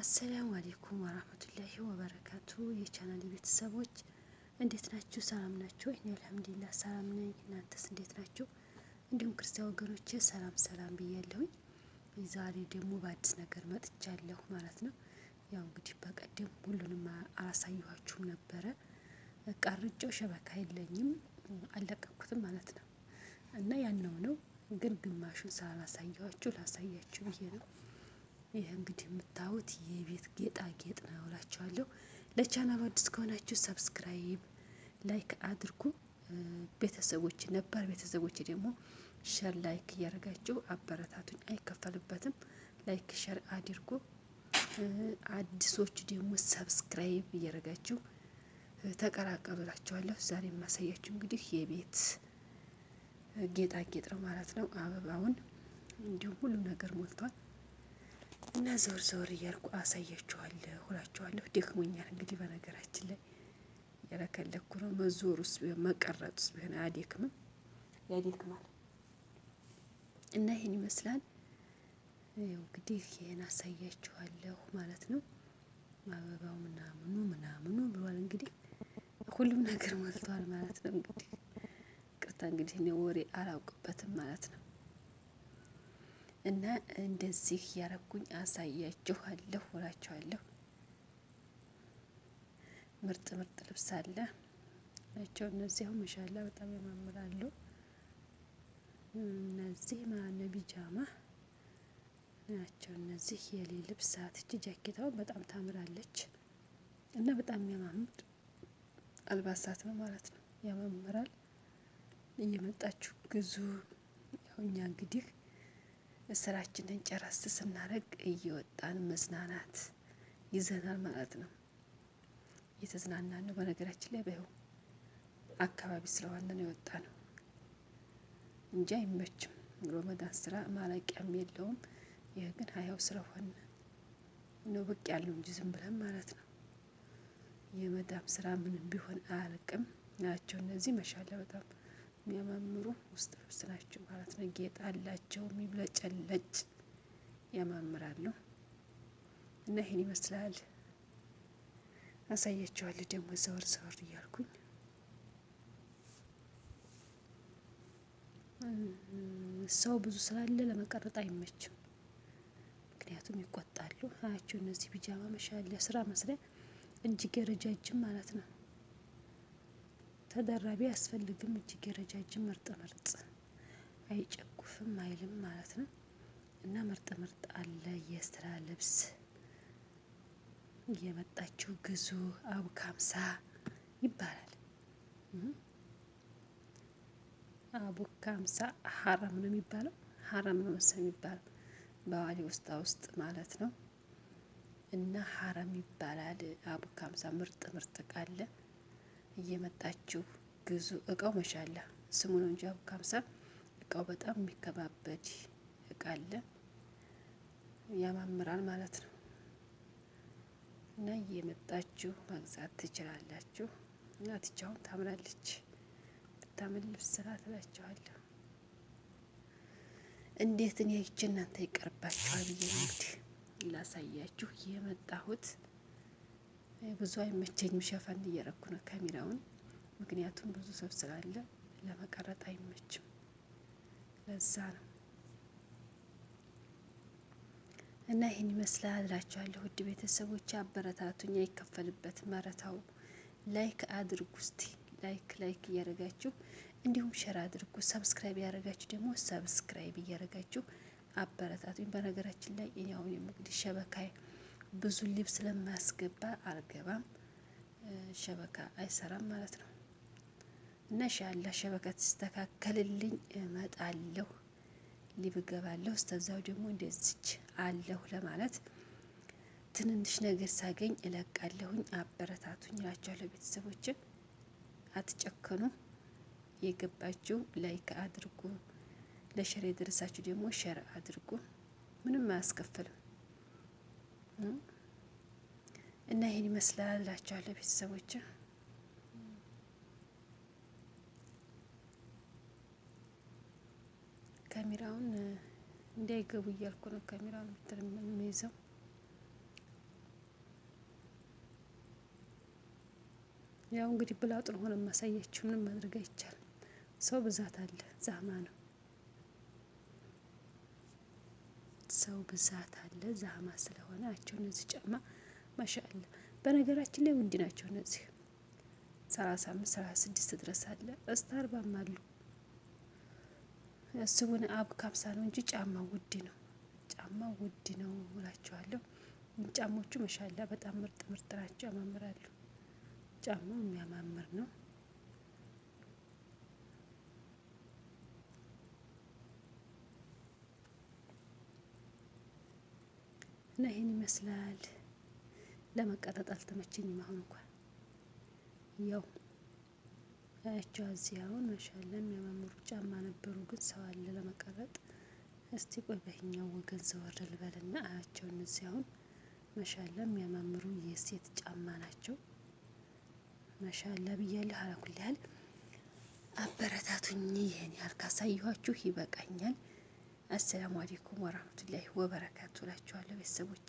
አሰላሙ አሌይኩም ወራህመቱላሂ ወበረካቱ የቻናል ቤተሰቦች እንዴት ናችሁ? ሰላም ናችሁ? እኔ አልሐምዱሊላህ ሰላም ነኝ። እናንተስ እንዴት ናችሁ? እንዲሁም ክርስቲያን ወገኖቼ ሰላም ሰላም ብያለሁኝ። ዛሬ ደግሞ በአዲስ ነገር መጥቻለሁ ማለት ነው። ያው እንግዲህ በቀደም ሁሉንም አላሳየኋችሁም ነበረ። ቀርጬው ሸበካ የለኝም አልለቀኩትም ማለት ነው እና ያነው ነው ግን ግማሹን ስላላሳየኋችሁ ላሳያችሁ ብዬ ነው ይህ እንግዲህ የምታዩት የቤት ጌጣጌጥ ነው እላችኋለሁ። ለቻናሉ አዲስ ከሆናችሁ ሰብስክራይብ፣ ላይክ አድርጉ። ቤተሰቦች ነባር ቤተሰቦች ደግሞ ሸር ላይክ እያደረጋችሁ አበረታቱኝ። አይከፈልበትም። ላይክ ሸር አድርጉ። አዲሶች ደግሞ ሰብስክራይብ እያደረጋችሁ ተቀላቀሉ ዛሬ የማሳያችሁ እንግዲህ የቤት ጌጣጌጥ ነው ማለት ነው። አበባውን እንዲሁም ሁሉ ነገር ሞልቷል። እና ዞር ዞር እያልኩ አሳያችኋለሁ ሁላችኋለሁ። ደክሞኛል እንግዲህ በነገራችን ላይ ያለከለኩ ነው። መዞር ውስጥ ቢሆን መቀረጥ ውስጥ ቢሆን አያደክምም፣ ያደክማል። እና ይህን ይመስላል እንግዲህ ይህን አሳያችኋለሁ ማለት ነው። አበባው ምናምኑ ምናምኑ ብሏል እንግዲህ ሁሉም ነገር ሞልቷል ማለት ነው። እንግዲህ ቅርታ እንግዲህ እኔ ወሬ አላውቅበትም ማለት ነው። እና እንደዚህ ያረኩኝ አሳያችኋለሁ እላችኋለሁ። ምርጥ ምርጥ ልብስ አለ ናቸው እነዚያው መሻላ በጣም ያማምራሉ። እነዚህ ማነ ቢጃማ ናቸው። እነዚህ የሌ ልብስ አትች ጃኬታው በጣም ታምራለች እና በጣም የሚያማምር አልባሳት ነው ማለት ነው። ያማምራል። እየመጣችሁ ግዙ። ያው እኛ እንግዲህ ስራችንን ጨረስ ስናደርግ እየወጣን መዝናናት ይዘናል ማለት ነው። እየተዝናና ነው። በነገራችን ላይ በይው አካባቢ ስለሆነ ነው የወጣ ነው እንጂ አይመችም። ሮመዳን ስራ ማለቂያም የለውም። ይህ ግን ሀያው ስለሆነ ነው ብቅ ያለው እንጂ ዝም ብለን ማለት ነው። የመዳም ስራ ምንም ቢሆን አያልቅም ናቸው እነዚህ መሻለ በጣም የሚያማምሩ ውስጥ ልብስ ናቸው ማለት ነው። ጌጥ አላቸው የሚብለጨለጭ ያማምራሉ። እና ይህን ይመስላል። አሳያቸዋለሁ ደግሞ ዘወር ዘወር እያልኩኝ ሰው ብዙ ስላለ ለመቀረጥ አይመችም። ምክንያቱም ይቆጣሉ። አያቸው እነዚህ ቢጃማ መሻለ ስራ መስሪያ እጅጌ ረጃጅም ማለት ነው። ተደራቢ አያስፈልግም። እጅግ የረጃጅም ምርጥ ምርጥ አይጨጉፍም አይልም ማለት ነው። እና ምርጥ ምርጥ አለ የስራ ልብስ የመጣችው ግዙ። አቡ ካምሳ ይባላል። አቡ ካምሳ ሀረም ነው የሚባለው። ሀረም ነው መሰለኝ የሚባለው በዋሊ ውስጣ ውስጥ ማለት ነው። እና ሀረም ይባላል። አቡ ካምሳ ምርጥ ምርጥ ቃለ እየመጣችሁ ግዙ። እቃው መሻላ ስሙ ነው እንጂ ካምሳ እቃው በጣም የሚከባበድ እቃ አለ። ያማምራል ማለት ነው። እና እየመጣችሁ መግዛት ትችላላችሁ። እናትቻውን ታምራለች። ብታምን ልብስ ስራ ትላችኋለሁ። እንዴት እኔ ይች እናንተ ይቀርባችኋል ብዬ እንግዲህ ላሳያችሁ የመጣሁት ብዙ አይመቸኝም። ሸፈን እየረኩ ነው ካሜራውን፣ ምክንያቱም ብዙ ሰው ስላለ ለመቀረጥ አይመችም። ለዛ ነው እና ይህን ይመስላል እላችኋለሁ። ውድ ቤተሰቦች አበረታቱኝ፣ አይከፈልበት መረታው። ላይክ አድርጉ እስቲ ላይክ ላይክ እያደረጋችሁ እንዲሁም ሸር አድርጉ። ሰብስክራይብ ያደረጋችሁ ደግሞ ሰብስክራይብ እያደረጋችሁ አበረታቱኝ። በነገራችን ላይ ያው የምግድ ሸበካይ ብዙ ሊብ ስለማያስገባ አልገባም፣ ሸበካ አይሰራም ማለት ነው። እና ሻላ ሸበካ ትስተካከልልኝ እመጣለሁ፣ ሊብ እገባለሁ። እስተዛው ደግሞ እንደዚች አለሁ ለማለት ትንንሽ ነገር ሳገኝ እለቃለሁኝ። አበረታቱኝ እላቸዋለሁ። ቤተሰቦችን አትጨከኑ። የገባችሁ ላይክ አድርጉ። ለሸር የደረሳችሁ ደግሞ ሸር አድርጉ። ምንም አያስከፍልም። እና ይህን ይመስላል እላቸዋለሁ ቤተሰቦች። ካሜራውን እንዳይገቡ እያልኩ ነው ካሜራውን ብትር የሚይዘው ያው እንግዲህ ብላጡን ሆነ ማሳያችሁ ምንም ማድረግ አይቻልም። ሰው ብዛት አለ፣ ዛማ ነው። ሰው ብዛት አለ ዛማ ስለሆነ አቸው እነዚህ ጫማ ማሻአላ። በነገራችን ላይ ውድ ናቸው እነዚህ ሰላሳ አምስት ሰላሳ ስድስት ድረስ አለ እስከ አርባም አሉ። እስቡን አብ ካምሳ ነው እንጂ ጫማ ውድ ነው። ጫማ ውድ ነው እላቸዋለሁ። ጫሞቹ መሻላ በጣም ምርጥ ምርጥ ናቸው፣ ያማምራሉ። ጫማው የሚያማምር ነው። እና ይህን ይመስላል። ለመቀጠጥ አልተመቸኝም። አሁን እንኳን ያው እቻ እዚህ አሁን ማሻላ የሚያማምሩ ጫማ ነበሩ፣ ግን ሰው አለ ለመቀረጥ። እስቲ ቆይ በኛው ወገን ዘወር ልበልና አያቸው። እነዚህ አሁን ማሻላ የሚያማምሩ የሴት ጫማ ናቸው። ማሻላ ብያለሁ። አላኩል ያህል አበረታቱኝ። ይህን ያህል ካሳየኋችሁ ይበቃኛል። አሰላሙ አሌይኩም ወራህመቱላሂ ወበረካቱ ላችኋለሁ ቤተሰቦች።